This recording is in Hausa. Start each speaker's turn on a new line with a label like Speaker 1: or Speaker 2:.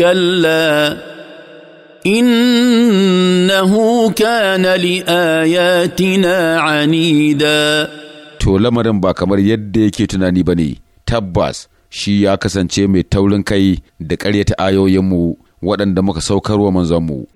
Speaker 1: كلا إنه كان لآياتنا عنيدا
Speaker 2: to lamarin ba kamar yadda yake tunani ba tabbas shi ya kasance mai taurin kai da ƙaryata ayoyinmu waɗanda muka saukarwa manzanmu.